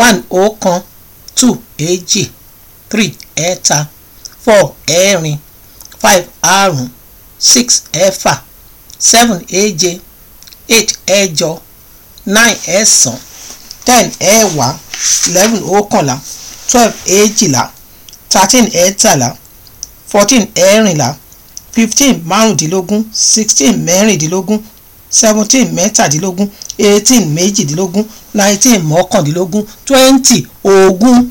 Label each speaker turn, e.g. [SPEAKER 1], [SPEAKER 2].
[SPEAKER 1] one ọ̀kan two èjì three ẹ̀ta four ẹ̀rin five àrún six ẹ̀fà seven èje eight ẹ̀jọ nine ẹ̀sán ten ẹ̀wá eleven ọ̀kànlá twelve èjìlá thirteen ẹ̀tàlá fourteen ẹ̀rìnlá fifteen márùndínlógún sixteen mẹ́rìndínlógún seventeen mẹ́tàdínlógún eighteen méjìdínlógún nineteen mọ́kàndínlógún
[SPEAKER 2] twenty ogún